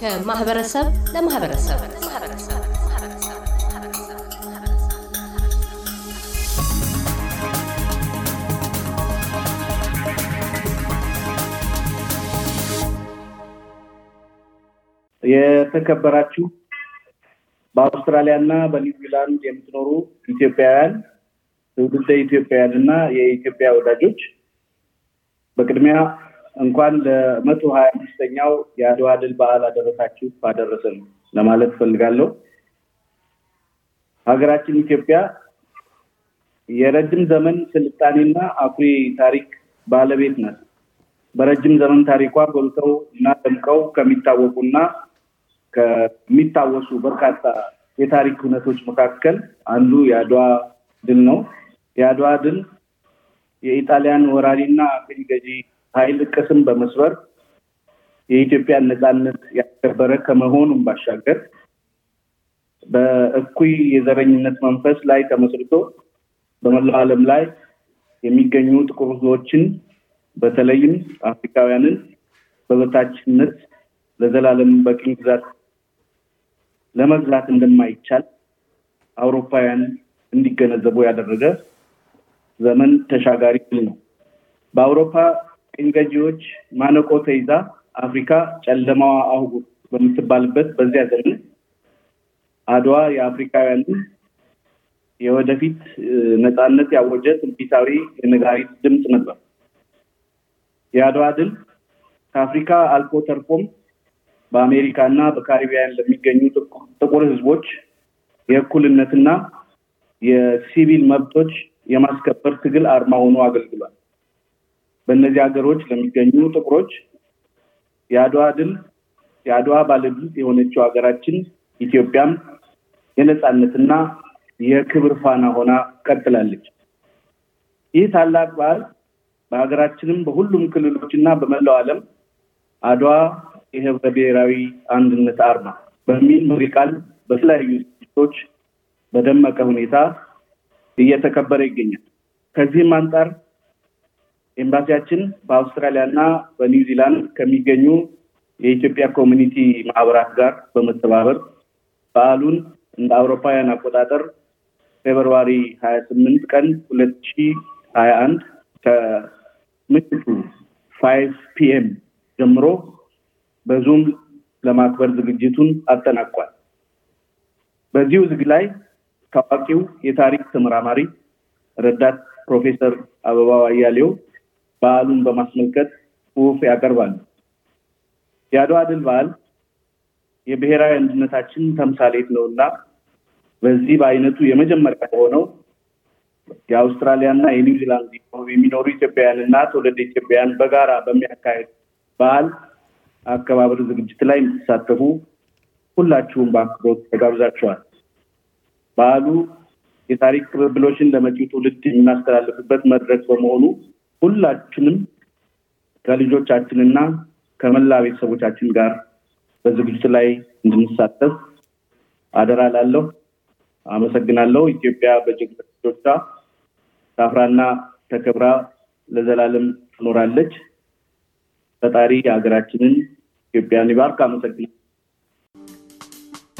ከማህበረሰብ ለማህበረሰብ የተከበራችሁ በአውስትራሊያ እና በኒውዚላንድ የምትኖሩ ኢትዮጵያውያን ትውልደ ኢትዮጵያውያን እና የኢትዮጵያ ወዳጆች በቅድሚያ እንኳን ለመቶ ሀያ አምስተኛው የአድዋ ድል በዓል አደረሳችሁ አደረሰን ለማለት ፈልጋለሁ። ሀገራችን ኢትዮጵያ የረጅም ዘመን ስልጣኔና አኩሪ ታሪክ ባለቤት ናት። በረጅም ዘመን ታሪኳ ጎልተው እና ደምቀው ከሚታወቁና ከሚታወሱ በርካታ የታሪክ እውነቶች መካከል አንዱ የአድዋ ድል ነው። የአድዋ ድል የኢጣሊያን ወራሪና ቅኝ ገዢ ኃይል ቅስም በመስበር የኢትዮጵያን ነፃነት ያከበረ ከመሆኑም ባሻገር በእኩይ የዘረኝነት መንፈስ ላይ ተመስርቶ በመላው ዓለም ላይ የሚገኙ ጥቁር ሕዝቦችን በተለይም አፍሪካውያንን በበታችነት ለዘላለም በቅኝ ግዛት ለመግዛት እንደማይቻል አውሮፓውያን እንዲገነዘቡ ያደረገ ዘመን ተሻጋሪ ነው። በአውሮፓ ቅኝ ገዢዎች ማነቆ ተይዛ አፍሪካ ጨለማዋ አህጉር በምትባልበት በዚያ ዘመን አድዋ የአፍሪካውያንን የወደፊት ነፃነት ያወጀ ትንቢታዊ የነጋሪት ድምፅ ነበር። የአድዋ ድል ከአፍሪካ አልፎ ተርፎም በአሜሪካ እና በካሪቢያን ለሚገኙ ጥቁር ሕዝቦች የእኩልነትና የሲቪል መብቶች የማስከበር ትግል አርማ ሆኖ አገልግሏል። በእነዚህ ሀገሮች ለሚገኙ ጥቁሮች የአድዋ ድል የአድዋ ባለድል የሆነችው ሀገራችን ኢትዮጵያም የነፃነትና የክብር ፋና ሆና ቀጥላለች። ይህ ታላቅ በዓል በሀገራችንም በሁሉም ክልሎችና በመላው ዓለም አድዋ የህብረ ብሔራዊ አንድነት አርማ በሚል መሪ ቃል በተለያዩ ዝግጅቶች በደመቀ ሁኔታ እየተከበረ ይገኛል። ከዚህም አንጻር ኤምባሲያችን በአውስትራሊያ እና በኒውዚላንድ ከሚገኙ የኢትዮጵያ ኮሚኒቲ ማህበራት ጋር በመተባበር በዓሉን እንደ አውሮፓውያን አቆጣጠር ፌብርዋሪ ሀያ ስምንት ቀን ሁለት ሺ ሀያ አንድ ከምሽቱ ፋይቭ ፒኤም ጀምሮ በዙም ለማክበር ዝግጅቱን አጠናቋል። በዚሁ ዝግ ላይ ታዋቂው የታሪክ ተመራማሪ ረዳት ፕሮፌሰር አበባው አያሌው በዓሉን በማስመልከት ጽሑፍ ያቀርባሉ። የአድዋ ድል በዓል የብሔራዊ አንድነታችን ተምሳሌት ነው እና በዚህ በአይነቱ የመጀመሪያ በሆነው የአውስትራሊያና የኒውዚላንድ የሚኖሩ ኢትዮጵያውያን እና ትውልድ ኢትዮጵያውያን በጋራ በሚያካሄድ በዓል አከባበር ዝግጅት ላይ የምትሳተፉ ሁላችሁም በአክብሮት ተጋብዛችኋል። ባህሉ የታሪክ ቅብብሎችን ለመጪው ትውልድ የምናስተላልፍበት መድረክ በመሆኑ ሁላችንም ከልጆቻችንና ከመላ ቤተሰቦቻችን ጋር በዝግጅት ላይ እንድንሳተፍ አደራ ላለሁ። አመሰግናለሁ። ኢትዮጵያ በጀግኖች ልጆቿ ታፍራና ተከብራ ለዘላለም ትኖራለች። ፈጣሪ ሀገራችንን ኢትዮጵያን ይባርክ። አመሰግናለሁ።